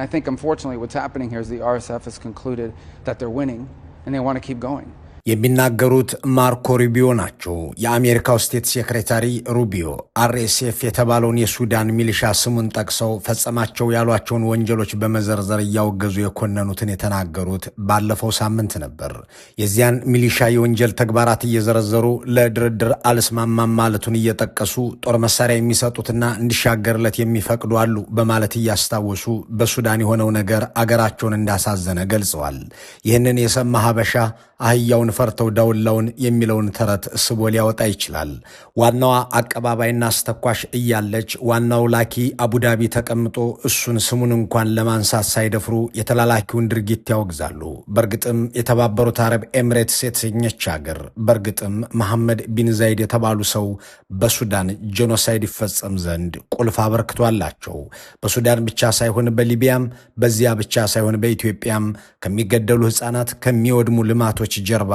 And I think, unfortunately, what's happening here is the RSF has concluded that they're winning and they want to keep going. የሚናገሩት ማርኮ ሩቢዮ ናቸው። የአሜሪካው ስቴት ሴክሬታሪ ሩቢዮ አርኤስኤፍ የተባለውን የሱዳን ሚሊሻ ስሙን ጠቅሰው ፈጸማቸው ያሏቸውን ወንጀሎች በመዘርዘር እያወገዙ የኮነኑትን የተናገሩት ባለፈው ሳምንት ነበር። የዚያን ሚሊሻ የወንጀል ተግባራት እየዘረዘሩ ለድርድር አልስማማም ማለቱን እየጠቀሱ ጦር መሳሪያ የሚሰጡትና እንዲሻገርለት የሚፈቅዱ አሉ በማለት እያስታወሱ በሱዳን የሆነው ነገር አገራቸውን እንዳሳዘነ ገልጸዋል። ይህንን የሰማ ሀበሻ አህያውን ፈርተው ዳውላውን የሚለውን ተረት ስቦ ሊያወጣ ይችላል። ዋናዋ አቀባባይና አስተኳሽ እያለች ዋናው ላኪ አቡዳቢ ተቀምጦ እሱን ስሙን እንኳን ለማንሳት ሳይደፍሩ የተላላኪውን ድርጊት ያወግዛሉ። በእርግጥም የተባበሩት አረብ ኤምሬትስ የተሰኘች አገር፣ በእርግጥም መሐመድ ቢን ዛይድ የተባሉ ሰው በሱዳን ጄኖሳይድ ይፈጸም ዘንድ ቁልፍ አበርክቶ አላቸው። በሱዳን ብቻ ሳይሆን በሊቢያም፣ በዚያ ብቻ ሳይሆን በኢትዮጵያም ከሚገደሉ ሕፃናት ከሚወድሙ ልማቶች ጀርባ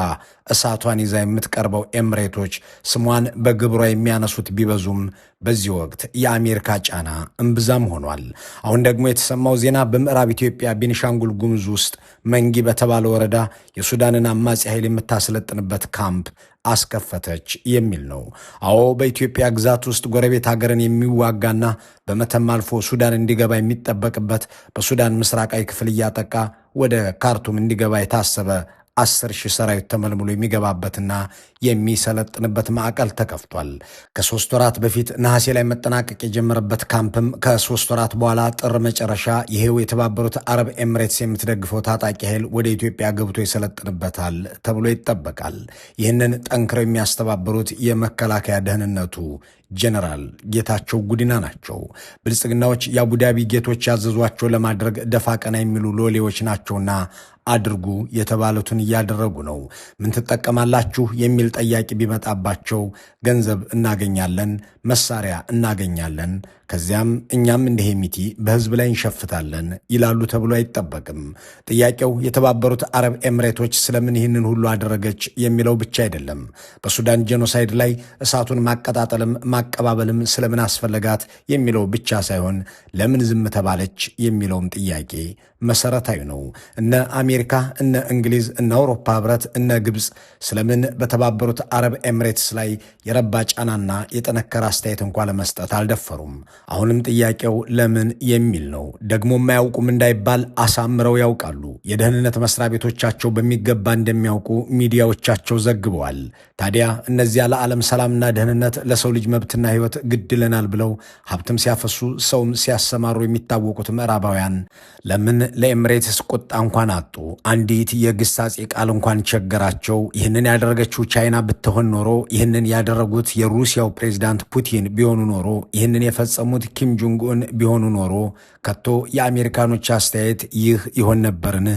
እሳቷን ይዛ የምትቀርበው ኤምሬቶች ስሟን በግብሯ የሚያነሱት ቢበዙም በዚህ ወቅት የአሜሪካ ጫና እምብዛም ሆኗል። አሁን ደግሞ የተሰማው ዜና በምዕራብ ኢትዮጵያ ቤኒሻንጉል ጉሙዝ ውስጥ መንጊ በተባለ ወረዳ የሱዳንን አማጺ ኃይል የምታሰለጥንበት ካምፕ አስከፈተች የሚል ነው። አዎ በኢትዮጵያ ግዛት ውስጥ ጎረቤት ሀገርን የሚዋጋና በመተም አልፎ ሱዳን እንዲገባ የሚጠበቅበት በሱዳን ምስራቃዊ ክፍል እያጠቃ ወደ ካርቱም እንዲገባ የታሰበ አስር ሺህ ሰራዊት ተመልምሎ የሚገባበትና የሚሰለጥንበት ማዕቀል ተከፍቷል። ከሶስት ወራት በፊት ነሐሴ ላይ መጠናቀቅ የጀመረበት ካምፕም ከሶስት ወራት በኋላ ጥር መጨረሻ ይሄው የተባበሩት አረብ ኤምሬትስ የምትደግፈው ታጣቂ ኃይል ወደ ኢትዮጵያ ገብቶ ይሰለጥንበታል ተብሎ ይጠበቃል። ይህንን ጠንክረው የሚያስተባብሩት የመከላከያ ደህንነቱ ጀነራል ጌታቸው ጉዲና ናቸው። ብልጽግናዎች የአቡዳቢ ጌቶች ያዘዟቸው ለማድረግ ደፋ ቀና የሚሉ ሎሌዎች ናቸውና አድርጉ የተባሉትን እያደረጉ ነው። ምን ትጠቀማላችሁ የሚል ጠያቂ ቢመጣባቸው ገንዘብ እናገኛለን፣ መሳሪያ እናገኛለን፣ ከዚያም እኛም እንደ ሄሚቲ በህዝብ ላይ እንሸፍታለን ይላሉ ተብሎ አይጠበቅም። ጥያቄው የተባበሩት አረብ ኤምሬቶች ስለምን ይህንን ሁሉ አደረገች የሚለው ብቻ አይደለም። በሱዳን ጄኖሳይድ ላይ እሳቱን ማቀጣጠልም ማቀባበልም ስለምን አስፈለጋት የሚለው ብቻ ሳይሆን ለምን ዝም ተባለች የሚለውም ጥያቄ መሰረታዊ ነው። እነ አሜሪካ፣ እነ እንግሊዝ፣ እነ አውሮፓ ህብረት፣ እነ ግብፅ ስለምን በተባበሩት አረብ ኤምሬትስ ላይ የረባ ጫናና የጠነከረ አስተያየት እንኳ ለመስጠት አልደፈሩም። አሁንም ጥያቄው ለምን የሚል ነው። ደግሞ የማያውቁም እንዳይባል አሳምረው ያውቃሉ። የደህንነት መስሪያ ቤቶቻቸው በሚገባ እንደሚያውቁ ሚዲያዎቻቸው ዘግበዋል። ታዲያ እነዚያ ለዓለም ሰላምና ደህንነት ለሰው ልጅ መብት መብትና ሕይወት ግድለናል ብለው ሀብትም ሲያፈሱ ሰውም ሲያሰማሩ የሚታወቁት ምዕራባውያን ለምን ለኤምሬትስ ቁጣ እንኳን አጡ። አንዲት የግሳጼ ቃል እንኳን ቸገራቸው። ይህንን ያደረገችው ቻይና ብትሆን ኖሮ፣ ይህንን ያደረጉት የሩሲያው ፕሬዚዳንት ፑቲን ቢሆኑ ኖሮ፣ ይህንን የፈጸሙት ኪም ጁንግን ቢሆኑ ኖሮ ከቶ የአሜሪካኖች አስተያየት ይህ ይሆን ነበርን?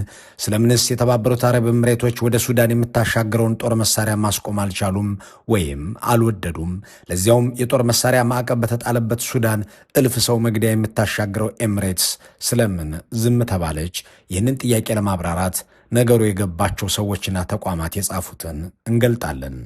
ስለምንስ የተባበሩት አረብ ኤምሬቶች ወደ ሱዳን የምታሻግረውን ጦር መሳሪያ ማስቆም አልቻሉም ወይም አልወደዱም? ለዚያውም የጦር መሳሪያ ማዕቀብ በተጣለበት ሱዳን እልፍ ሰው መግደያ የምታሻግረው ኤምሬትስ ስለምን ዝም ተባለች? ይህንን ጥያቄ ለማብራራት ነገሩ የገባቸው ሰዎችና ተቋማት የጻፉትን እንገልጣለን።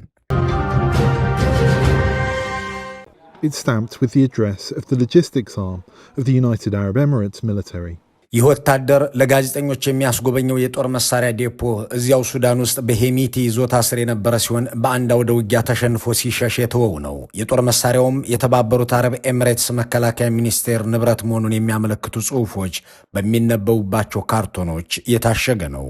It's stamped with the address of the logistics arm of the United Arab Emirates military. ይህ ወታደር ለጋዜጠኞች የሚያስጎበኘው የጦር መሳሪያ ዴፖ እዚያው ሱዳን ውስጥ በሄሚቲ ይዞታ ስር የነበረ ሲሆን በአንድ አውደ ውጊያ ተሸንፎ ሲሸሽ የተወው ነው። የጦር መሳሪያውም የተባበሩት አረብ ኤምሬትስ መከላከያ ሚኒስቴር ንብረት መሆኑን የሚያመለክቱ ጽሑፎች በሚነበቡባቸው ካርቶኖች የታሸገ ነው።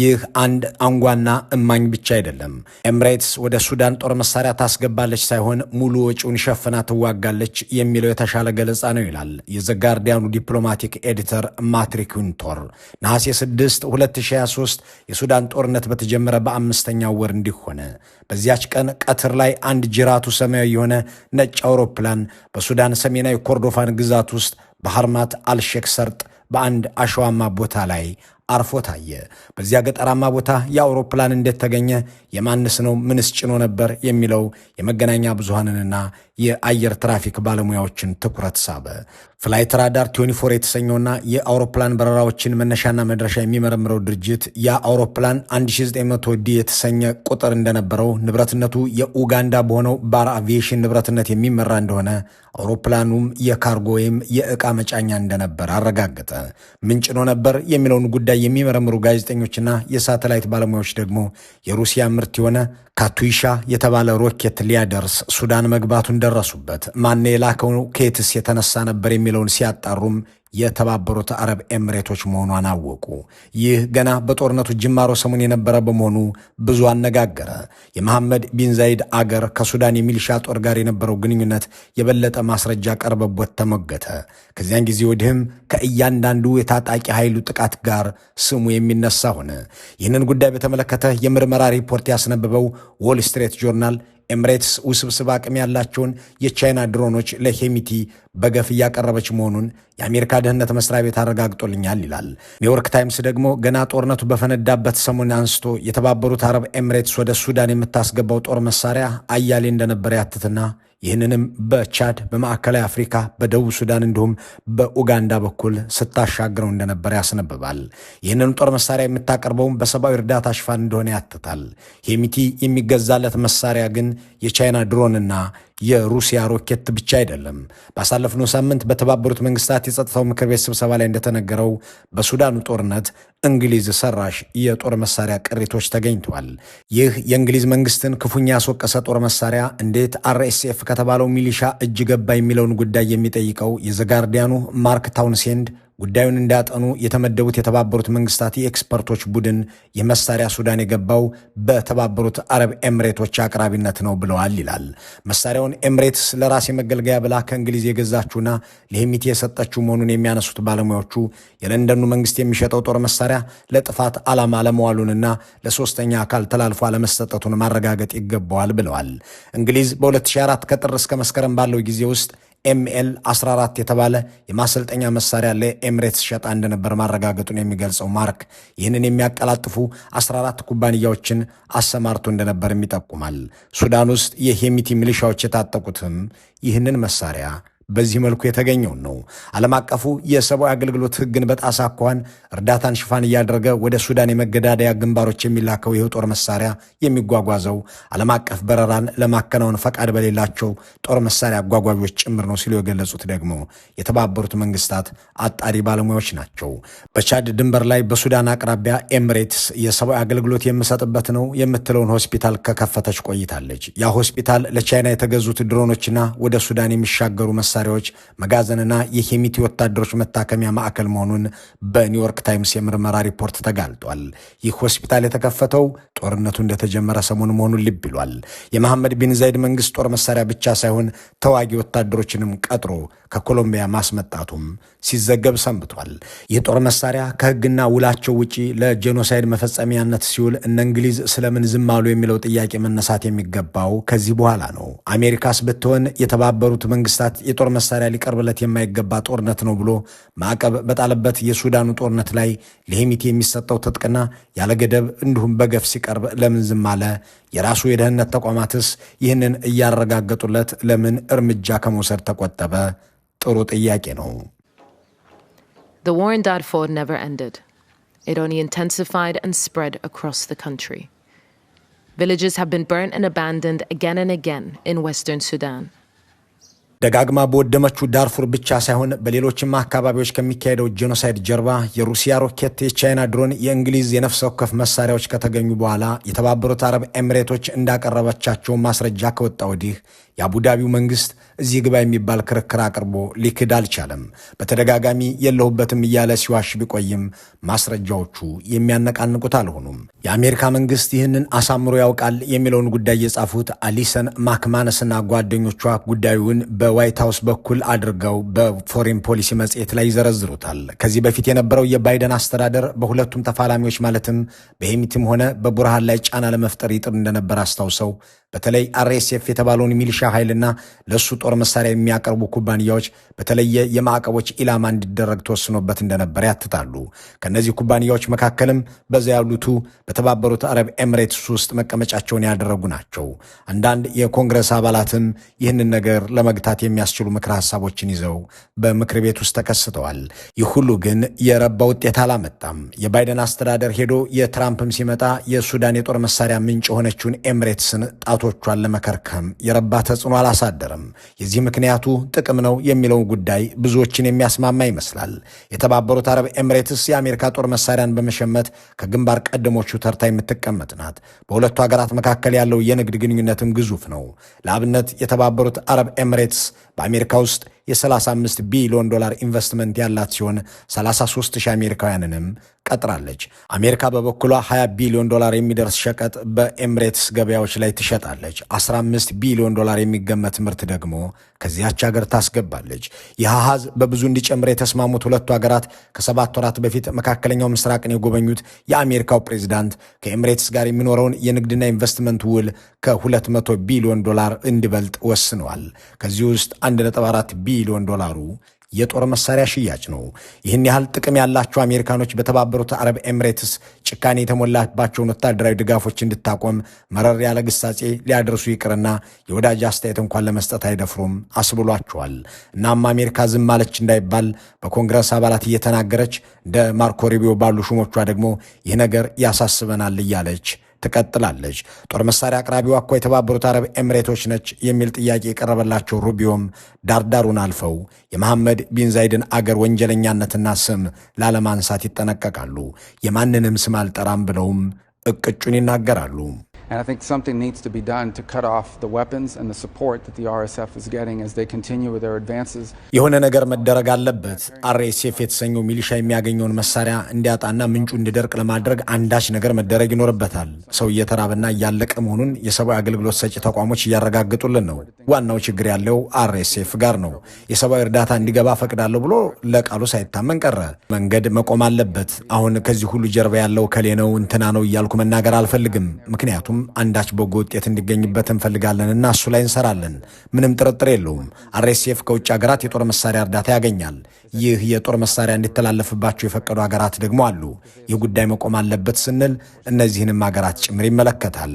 ይህ አንድ አንጓና እማኝ ብቻ አይደለም። ኤምሬትስ ወደ ሱዳን ጦር መሳሪያ ታስገባለች ሳይሆን ሙሉ ወጪውን ሸፍና ትዋጋለች የሚለው የተሻለ ገለጻ ነው ይላል የዘጋርዲያኑ ዲፕሎማቲክ ኤዲተር ማ ፓትሪክ ዊንቶር ነሐሴ 6 2023 የሱዳን ጦርነት በተጀመረ በአምስተኛው ወር እንዲሆነ በዚያች ቀን ቀትር ላይ አንድ ጅራቱ ሰማያዊ የሆነ ነጭ አውሮፕላን በሱዳን ሰሜናዊ ኮርዶፋን ግዛት ውስጥ በሐርማት አልሼክ ሰርጥ በአንድ አሸዋማ ቦታ ላይ አርፎ ታየ። በዚያ ገጠራማ ቦታ የአውሮፕላን እንዴት ተገኘ? የማንስ ነው? ምንስ ጭኖ ነበር? የሚለው የመገናኛ ብዙሃንንና የአየር ትራፊክ ባለሙያዎችን ትኩረት ሳበ። ፍላይት ራዳር 24 የተሰኘውና የአውሮፕላን በረራዎችን መነሻና መድረሻ የሚመረምረው ድርጅት የአውሮፕላን አውሮፕላን 1900 ዲ የተሰኘ ቁጥር እንደነበረው ንብረትነቱ የኡጋንዳ በሆነው ባር አቪዬሽን ንብረትነት የሚመራ እንደሆነ አውሮፕላኑም የካርጎ ወይም የዕቃ መጫኛ እንደነበር አረጋገጠ። ምንጭኖ ነበር የሚለውን ጉዳይ የሚመረምሩ ጋዜጠኞችና የሳተላይት ባለሙያዎች ደግሞ የሩሲያ ምርት የሆነ ካቱይሻ የተባለ ሮኬት ሊያደርስ ሱዳን መግባቱን ደረሱበት። ማን የላከው ኬትስ የተነሳ ነበር የሚለውን ሲያጣሩም የተባበሩት አረብ ኤምሬቶች መሆኗን አወቁ። ይህ ገና በጦርነቱ ጅማሮ ሰሞን የነበረ በመሆኑ ብዙ አነጋገረ። የመሐመድ ቢን ዛይድ አገር ከሱዳን የሚሊሻ ጦር ጋር የነበረው ግንኙነት የበለጠ ማስረጃ ቀርበቦት ተሞገተ። ከዚያን ጊዜ ወዲህም ከእያንዳንዱ የታጣቂ ኃይሉ ጥቃት ጋር ስሙ የሚነሳ ሆነ። ይህንን ጉዳይ በተመለከተ የምርመራ ሪፖርት ያስነበበው ዎል ስትሬት ጆርናል ኤምሬትስ ውስብስብ አቅም ያላቸውን የቻይና ድሮኖች ለሄሚቲ በገፍ እያቀረበች መሆኑን የአሜሪካ ደህንነት መስሪያ ቤት አረጋግጦልኛል ይላል። ኒውዮርክ ታይምስ ደግሞ ገና ጦርነቱ በፈነዳበት ሰሞን አንስቶ የተባበሩት አረብ ኤምሬትስ ወደ ሱዳን የምታስገባው ጦር መሳሪያ አያሌ እንደነበረ ያትትና ይህንንም በቻድ በማዕከላዊ አፍሪካ በደቡብ ሱዳን እንዲሁም በኡጋንዳ በኩል ስታሻግረው እንደነበር ያስነብባል። ይህንን ጦር መሳሪያ የምታቀርበውም በሰብአዊ እርዳታ ሽፋን እንደሆነ ያትታል። ሄሚቲ የሚገዛለት መሳሪያ ግን የቻይና ድሮንና የሩሲያ ሮኬት ብቻ አይደለም። ባሳለፍነው ሳምንት በተባበሩት መንግስታት የጸጥታው ምክር ቤት ስብሰባ ላይ እንደተነገረው በሱዳኑ ጦርነት እንግሊዝ ሰራሽ የጦር መሳሪያ ቅሪቶች ተገኝተዋል። ይህ የእንግሊዝ መንግስትን ክፉኛ ያስወቀሰ ጦር መሳሪያ እንዴት አርኤስኤፍ ከተባለው ሚሊሻ እጅ ገባ የሚለውን ጉዳይ የሚጠይቀው የዘጋርዲያኑ ማርክ ታውንሴንድ ጉዳዩን እንዲያጠኑ የተመደቡት የተባበሩት መንግስታት የኤክስፐርቶች ቡድን የመሳሪያ ሱዳን የገባው በተባበሩት አረብ ኤምሬቶች አቅራቢነት ነው ብለዋል ይላል። መሳሪያውን ኤምሬትስ ለራሴ መገልገያ ብላ ከእንግሊዝ የገዛችውና ለሄሚቲ የሰጠችው መሆኑን የሚያነሱት ባለሙያዎቹ የለንደኑ መንግስት የሚሸጠው ጦር መሳሪያ ለጥፋት ዓላማ ለመዋሉንና ለሶስተኛ አካል ተላልፎ አለመሰጠቱን ማረጋገጥ ይገባዋል ብለዋል። እንግሊዝ በ2004 ከጥር እስከ መስከረም ባለው ጊዜ ውስጥ ኤምኤል 14 የተባለ የማሰልጠኛ መሳሪያ ለኤምሬትስ ሸጣ እንደነበር ማረጋገጡን የሚገልጸው ማርክ ይህንን የሚያቀላጥፉ 14 ኩባንያዎችን አሰማርቶ እንደነበርም ይጠቁማል። ሱዳን ውስጥ የሄሚቲ ሚሊሻዎች የታጠቁትም ይህንን መሳሪያ በዚህ መልኩ የተገኘውን ነው። ዓለም አቀፉ የሰብአዊ አገልግሎት ሕግን በጣሳ አኳኋን እርዳታን ሽፋን እያደረገ ወደ ሱዳን የመገዳደያ ግንባሮች የሚላከው ይህ ጦር መሳሪያ የሚጓጓዘው ዓለም አቀፍ በረራን ለማከናወን ፈቃድ በሌላቸው ጦር መሳሪያ አጓጓዦች ጭምር ነው ሲሉ የገለጹት ደግሞ የተባበሩት መንግስታት አጣሪ ባለሙያዎች ናቸው። በቻድ ድንበር ላይ በሱዳን አቅራቢያ ኤምሬትስ የሰብአዊ አገልግሎት የምሰጥበት ነው የምትለውን ሆስፒታል ከከፈተች ቆይታለች። ያ ሆስፒታል ለቻይና የተገዙት ድሮኖችና ወደ ሱዳን የሚሻገሩ መሳ መሳሪያዎች መጋዘንና የሄሚቲ ወታደሮች መታከሚያ ማዕከል መሆኑን በኒውዮርክ ታይምስ የምርመራ ሪፖርት ተጋልጧል። ይህ ሆስፒታል የተከፈተው ጦርነቱ እንደተጀመረ ሰሞኑ መሆኑን ልብ ይሏል። የመሐመድ ቢን ዛይድ መንግስት ጦር መሳሪያ ብቻ ሳይሆን ተዋጊ ወታደሮችንም ቀጥሮ ከኮሎምቢያ ማስመጣቱም ሲዘገብ ሰንብቷል። ይህ ጦር መሳሪያ ከህግና ውላቸው ውጪ ለጄኖሳይድ መፈጸሚያነት ሲውል እነ እንግሊዝ ስለምን ዝም አሉ የሚለው ጥያቄ መነሳት የሚገባው ከዚህ በኋላ ነው። አሜሪካስ ብትሆን የተባበሩት መንግስታት የጦር መሳሪያ ሊቀርብለት የማይገባ ጦርነት ነው ብሎ ማዕቀብ በጣለበት የሱዳኑ ጦርነት ላይ ለሄሚቲ የሚሰጠው ትጥቅና ያለገደብ እንዲሁም በገፍ ሲቀርብ ለምን ዝም አለ? የራሱ የደህንነት ተቋማትስ ይህንን እያረጋገጡለት ለምን እርምጃ ከመውሰድ ተቆጠበ? ጥሩ ጥያቄ ነው። The war in Darfur never ended. It only intensified and spread across the country. Villages have been burnt and abandoned again and again in western Sudan. ደጋግማ በወደመችው ዳርፉር ብቻ ሳይሆን በሌሎችም አካባቢዎች ከሚካሄደው ጄኖሳይድ ጀርባ የሩሲያ ሮኬት፣ የቻይና ድሮን፣ የእንግሊዝ የነፍስ ወከፍ መሳሪያዎች ከተገኙ በኋላ የተባበሩት አረብ ኤምሬቶች እንዳቀረበቻቸው ማስረጃ ከወጣ ወዲህ የአቡዳቢው መንግስት እዚህ ግባ የሚባል ክርክር አቅርቦ ሊክድ አልቻለም። በተደጋጋሚ የለሁበትም እያለ ሲዋሽ ቢቆይም ማስረጃዎቹ የሚያነቃንቁት አልሆኑም። የአሜሪካ መንግስት ይህንን አሳምሮ ያውቃል የሚለውን ጉዳይ የጻፉት አሊሰን ማክማነስና ጓደኞቿ ጉዳዩን በዋይት ሀውስ በኩል አድርገው በፎሬን ፖሊሲ መጽሔት ላይ ይዘረዝሩታል። ከዚህ በፊት የነበረው የባይደን አስተዳደር በሁለቱም ተፋላሚዎች ማለትም በሄሚትም ሆነ በቡርሃን ላይ ጫና ለመፍጠር ይጥር እንደነበር አስታውሰው በተለይ አርኤስኤፍ የተባለውን ሚሊሻ ኃይልና ለእሱ ጦር መሳሪያ የሚያቀርቡ ኩባንያዎች በተለየ የማዕቀቦች ኢላማ እንዲደረግ ተወስኖበት እንደነበር ያትታሉ። ከእነዚህ ኩባንያዎች መካከልም በዛ ያሉቱ በተባበሩት አረብ ኤምሬትስ ውስጥ መቀመጫቸውን ያደረጉ ናቸው። አንዳንድ የኮንግረስ አባላትም ይህንን ነገር ለመግታት የሚያስችሉ ምክረ ሀሳቦችን ይዘው በምክር ቤት ውስጥ ተከስተዋል። ይህ ሁሉ ግን የረባ ውጤት አላመጣም። የባይደን አስተዳደር ሄዶ የትራምፕም ሲመጣ የሱዳን የጦር መሳሪያ ምንጭ የሆነችውን ኤምሬትስን ጣቶ ጥረቶቿን ለመከርከም የረባ ተጽዕኖ አላሳደረም። የዚህ ምክንያቱ ጥቅም ነው የሚለው ጉዳይ ብዙዎችን የሚያስማማ ይመስላል። የተባበሩት አረብ ኤምሬትስ የአሜሪካ ጦር መሳሪያን በመሸመት ከግንባር ቀደሞቹ ተርታ የምትቀመጥ ናት። በሁለቱ ሀገራት መካከል ያለው የንግድ ግንኙነትም ግዙፍ ነው። ለአብነት የተባበሩት አረብ ኤምሬትስ በአሜሪካ ውስጥ የ35 ቢሊዮን ዶላር ኢንቨስትመንት ያላት ሲሆን 33 ሺህ አሜሪካውያንንም ቀጥራለች። አሜሪካ በበኩሏ 20 ቢሊዮን ዶላር የሚደርስ ሸቀጥ በኤምሬትስ ገበያዎች ላይ ትሸጣለች። 15 ቢሊዮን ዶላር የሚገመት ምርት ደግሞ ከዚያች ሀገር ታስገባለች። ይህ በብዙ እንዲጨምር የተስማሙት ሁለቱ ሀገራት ከሰባት ወራት በፊት መካከለኛው ምስራቅን የጎበኙት የአሜሪካው ፕሬዚዳንት ከኤምሬትስ ጋር የሚኖረውን የንግድና ኢንቨስትመንት ውል ከ200 ቢሊዮን ዶላር እንዲበልጥ ወስነዋል። ከዚህ ውስጥ 1.4 ቢሊዮን ዶላሩ የጦር መሳሪያ ሽያጭ ነው። ይህን ያህል ጥቅም ያላቸው አሜሪካኖች በተባበሩት አረብ ኤምሬትስ ጭካኔ የተሞላባቸውን ወታደራዊ ድጋፎች እንድታቆም መረር ያለ ግሳጼ ሊያደርሱ ይቅርና የወዳጅ አስተያየት እንኳን ለመስጠት አይደፍሩም አስብሏቸዋል። እናም አሜሪካ ዝም ማለች እንዳይባል በኮንግረስ አባላት እየተናገረች እንደ ማርኮ ሪቢዮ ባሉ ሹሞቿ ደግሞ ይህ ነገር ያሳስበናል እያለች ትቀጥላለች። ጦር መሳሪያ አቅራቢዋ እኮ የተባበሩት አረብ ኤምሬቶች ነች የሚል ጥያቄ የቀረበላቸው ሩቢዮም ዳርዳሩን አልፈው የመሐመድ ቢን ዛይድን አገር ወንጀለኛነትና ስም ላለማንሳት ይጠነቀቃሉ። የማንንም ስም አልጠራም ብለውም እቅጩን ይናገራሉ። And I think something needs to be done to cut off the weapons and the support that the RSF is getting as they continue with their advances. የሆነ ነገር መደረግ አለበት። አርኤስኤፍ የተሰኘው ሚሊሻ የሚያገኘውን መሳሪያ እንዲያጣና ምንጩ እንዲደርቅ ለማድረግ አንዳች ነገር መደረግ ይኖርበታል። ሰው እየተራበና እያለቀ መሆኑን የሰብአዊ አገልግሎት ሰጪ ተቋሞች እያረጋግጡልን ነው። ዋናው ችግር ያለው አርኤስኤፍ ጋር ነው። የሰብአዊ እርዳታ እንዲገባ ፈቅዳለሁ ብሎ ለቃሉ ሳይታመን ቀረ። መንገድ መቆም አለበት። አሁን ከዚህ ሁሉ ጀርባ ያለው ከሌ ነው እንትና ነው እያልኩ መናገር አልፈልግም፣ ምክንያቱም በውጤቱም አንዳች በጎ ውጤት እንዲገኝበት እንፈልጋለንና እሱ ላይ እንሰራለን። ምንም ጥርጥር የለውም። አርኤስኤፍ ከውጭ ሀገራት የጦር መሳሪያ እርዳታ ያገኛል። ይህ የጦር መሳሪያ እንዲተላለፍባቸው የፈቀዱ ሀገራት ደግሞ አሉ። ይህ ጉዳይ መቆም አለበት ስንል እነዚህንም ሀገራት ጭምር ይመለከታል።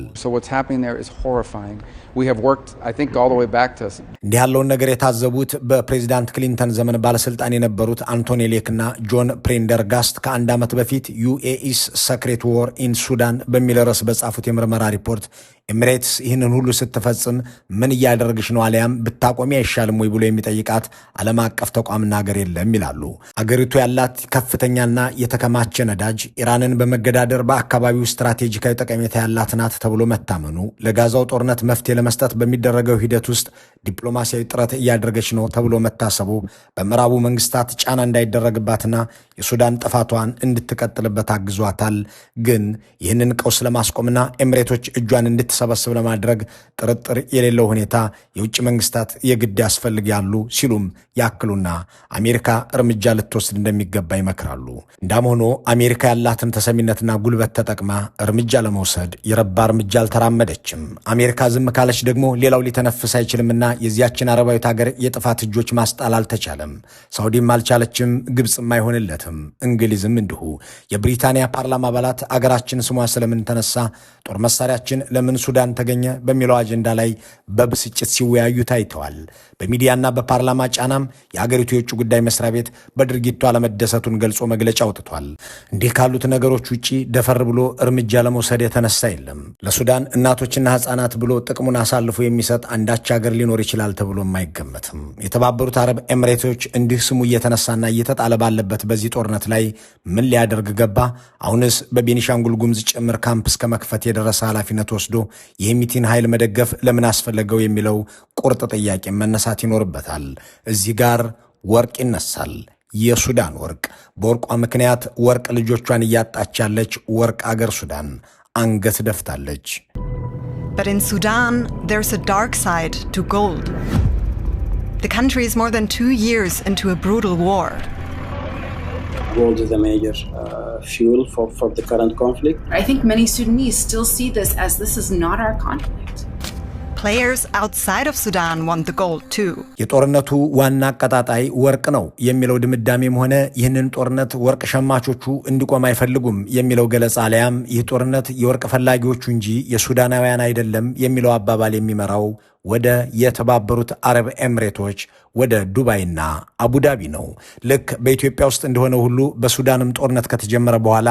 እንዲህ ያለውን ነገር የታዘቡት በፕሬዚዳንት ክሊንተን ዘመን ባለስልጣን የነበሩት አንቶኒ ሌክና ጆን ፕሬንደርጋስት ከአንድ ዓመት በፊት ዩኤኢስ ሰክሬት ዎር ኢን ሱዳን በሚል ርዕስ በጻፉት የምርመራ ሪፖርት ኤምሬትስ ይህንን ሁሉ ስትፈጽም ምን እያደረግሽ ነው? አሊያም ብታቆሚ አይሻልም ወይ ብሎ የሚጠይቃት ዓለም አቀፍ ተቋምና ሀገር የለም ይላሉ። አገሪቱ ያላት ከፍተኛና የተከማቸ ነዳጅ ኢራንን በመገዳደር በአካባቢው ስትራቴጂካዊ ጠቀሜታ ያላት ናት ተብሎ መታመኑ ለጋዛው ጦርነት መፍትሄ ለመስጠት በሚደረገው ሂደት ውስጥ ዲፕሎማሲያዊ ጥረት እያደረገች ነው ተብሎ መታሰቡ በምዕራቡ መንግስታት ጫና እንዳይደረግባትና የሱዳን ጥፋቷን እንድትቀጥልበት አግዟታል። ግን ይህንን ቀውስ ለማስቆምና ኤምሬቶች እጇን እንድትሰ እንዲሰበስብ ለማድረግ ጥርጥር የሌለው ሁኔታ የውጭ መንግስታት የግድ ያስፈልጋሉ ሲሉም ያክሉና አሜሪካ እርምጃ ልትወስድ እንደሚገባ ይመክራሉ። እንዳም ሆኖ አሜሪካ ያላትን ተሰሚነትና ጉልበት ተጠቅማ እርምጃ ለመውሰድ የረባ እርምጃ አልተራመደችም። አሜሪካ ዝም ካለች ደግሞ ሌላው ሊተነፍስ አይችልምና የዚያችን አረባዊት ሀገር የጥፋት እጆች ማስጣል አልተቻለም። ሳውዲም አልቻለችም፣ ግብፅም አይሆንለትም፣ እንግሊዝም እንዲሁ። የብሪታንያ ፓርላማ አባላት አገራችን ስሟ ስለምን ተነሳ፣ ጦር መሳሪያችን ለምን ሱዳን ተገኘ በሚለው አጀንዳ ላይ በብስጭት ሲወያዩ ታይተዋል። በሚዲያና በፓርላማ ጫናም የአገሪቱ የውጭ ጉዳይ መስሪያ ቤት በድርጊቱ አለመደሰቱን ገልጾ መግለጫ አውጥቷል። እንዲህ ካሉት ነገሮች ውጪ ደፈር ብሎ እርምጃ ለመውሰድ የተነሳ የለም። ለሱዳን እናቶችና ሕፃናት ብሎ ጥቅሙን አሳልፎ የሚሰጥ አንዳች ሀገር ሊኖር ይችላል ተብሎም አይገመትም። የተባበሩት አረብ ኤምሬቶች እንዲህ ስሙ እየተነሳና እየተጣለ ባለበት በዚህ ጦርነት ላይ ምን ሊያደርግ ገባ? አሁንስ በቤኒሻንጉል ጉምዝ ጭምር ካምፕ እስከ መክፈት የደረሰ ኃላፊነት ወስዶ የሚቲን ኃይል መደገፍ ለምን አስፈለገው የሚለው ቁርጥ ጥያቄ መነሳት ይኖርበታል። እዚህ ጋር ወርቅ ይነሳል። የሱዳን ወርቅ በወርቋ ምክንያት ወርቅ ልጆቿን እያጣች ያለች ወርቅ አገር ሱዳን አንገት ደፍታለች። But in Sudan, ሳይድ a dark gold is a major uh, fuel for, for the current conflict. I think many Sudanese still see this as this is not our conflict. Players outside of Sudan want the gold too. የጦርነቱ ዋና አቀጣጣይ ወርቅ ነው የሚለው ድምዳሜም ሆነ ይህንን ጦርነት ወርቅ ሸማቾቹ እንዲቆም አይፈልጉም የሚለው ገለጻ አሊያም ይህ ጦርነት የወርቅ ፈላጊዎቹ እንጂ የሱዳናውያን አይደለም የሚለው አባባል የሚመራው ወደ የተባበሩት አረብ ኤምሬቶች ወደ ዱባይና አቡዳቢ ነው። ልክ በኢትዮጵያ ውስጥ እንደሆነ ሁሉ በሱዳንም ጦርነት ከተጀመረ በኋላ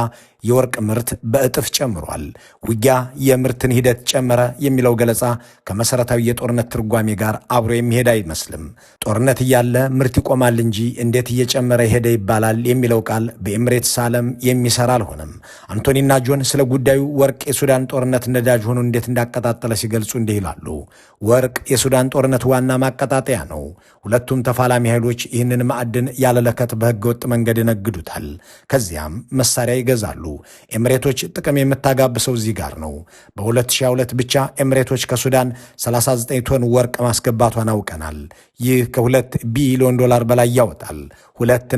የወርቅ ምርት በእጥፍ ጨምሯል። ውጊያ የምርትን ሂደት ጨመረ የሚለው ገለጻ ከመሰረታዊ የጦርነት ትርጓሜ ጋር አብሮ የሚሄድ አይመስልም። ጦርነት እያለ ምርት ይቆማል እንጂ እንዴት እየጨመረ ሄደ ይባላል የሚለው ቃል በኤምሬትስ ዓለም የሚሰራ አልሆነም። አንቶኒና ጆን ስለ ጉዳዩ ወርቅ የሱዳን ጦርነት ነዳጅ ሆኖ እንዴት እንዳቀጣጠለ ሲገልጹ እንዲህ ይላሉ። ወርቅ የሱዳን ጦርነት ዋና ማቀጣጠያ ነው። ሁለቱም ተፋላሚ ኃይሎች ይህንን ማዕድን ያለለከት በህገወጥ መንገድ ይነግዱታል። ከዚያም መሳሪያ ይገዛሉ። ኤምሬቶች ጥቅም የምታጋብሰው እዚህ ጋር ነው። በ2022 ብቻ ኤምሬቶች ከሱዳን 39 ቶን ወርቅ ማስገባቷን አውቀናል። ይህ ከሁለት ቢሊዮን ዶላር በላይ ያወጣል። ሁለት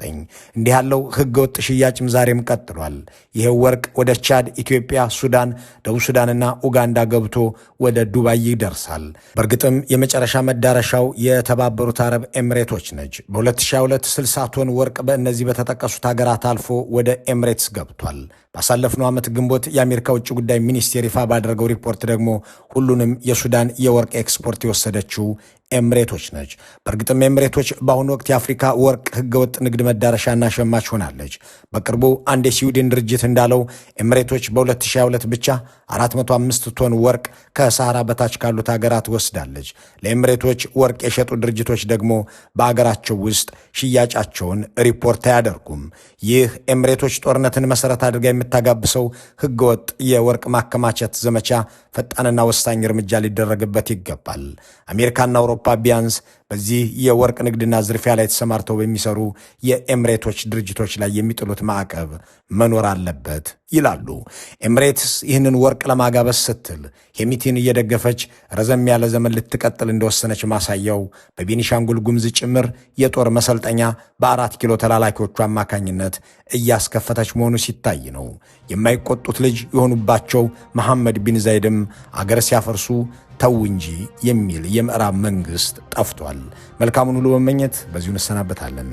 እንዲህ ያለው ህገወጥ ሽያጭም ዛሬም ቀጥሏል። ይሄው ወርቅ ወደ ቻድ፣ ኢትዮጵያ፣ ሱዳን፣ ደቡብ ሱዳንና ኡጋንዳ ገብቶ ወደ ዱባይ ይደርሳል። በእርግጥም የመጨረሻ መዳረሻው የተባበሩት አረብ ኤምሬቶች ነች። በ2022 60 ቶን ወርቅ በእነዚህ በተጠቀሱት ሀገራት አልፎ ወደ ኤምሬትስ ገብቷል። ባሳለፍነው ዓመት ግንቦት የአሜሪካ ውጭ ጉዳይ ሚኒስቴር ይፋ ባደረገው ሪፖርት ደግሞ ሁሉንም የሱዳን የወርቅ ኤክስፖርት የወሰደችው ኤምሬቶች ነች። በእርግጥም ኤምሬቶች በአሁኑ ወቅት የአፍሪካ ወርቅ ህገወጥ ንግድ መዳረሻና ሸማች ሆናለች። በቅርቡ አንድ የስዊድን ድርጅት እንዳለው ኤምሬቶች በ2022 ብቻ 405 ቶን ወርቅ ከሳራ በታች ካሉት ሀገራት ወስዳለች። ለኤምሬቶች ወርቅ የሸጡ ድርጅቶች ደግሞ በአገራቸው ውስጥ ሽያጫቸውን ሪፖርት አያደርጉም። ይህ ኤምሬቶች ጦርነትን መሰረት አድርጋ የምታጋብሰው ህገወጥ የወርቅ ማከማቸት ዘመቻ ፈጣንና ወሳኝ እርምጃ ሊደረግበት ይገባል። አሜሪካና አውሮፓ ቢያንስ በዚህ የወርቅ ንግድና ዝርፊያ ላይ ተሰማርተው በሚሰሩ የኤምሬቶች ድርጅቶች ላይ የሚጥሉት ማዕቀብ መኖር አለበት ይላሉ። ኤምሬትስ ይህንን ወርቅ ለማጋበስ ስትል ሄሚቲን እየደገፈች ረዘም ያለ ዘመን ልትቀጥል እንደወሰነች ማሳያው በቤኒሻንጉል ጉምዝ ጭምር የጦር መሰልጠኛ በአራት ኪሎ ተላላኪዎቹ አማካኝነት እያስከፈተች መሆኑ ሲታይ ነው። የማይቆጡት ልጅ የሆኑባቸው መሐመድ ቢን ዘይድም አገር ሲያፈርሱ ተው እንጂ የሚል የምዕራብ መንግሥት ጠፍቷል። መልካሙን ሁሉ በመኘት በዚሁ እንሰናበታለን።